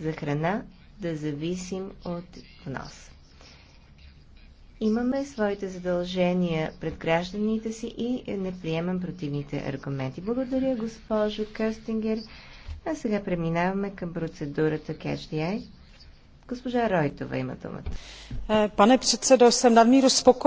за храна да зависим от внос. Имаме своите задължения пред гражданите си и не приемам противните аргументи. Благодаря, госпожо Къстингер. А сега преминаваме към процедурата Catch the Eye. Госпожа Ройтова има думата. Е, пане председо, съм надмиро спокоен.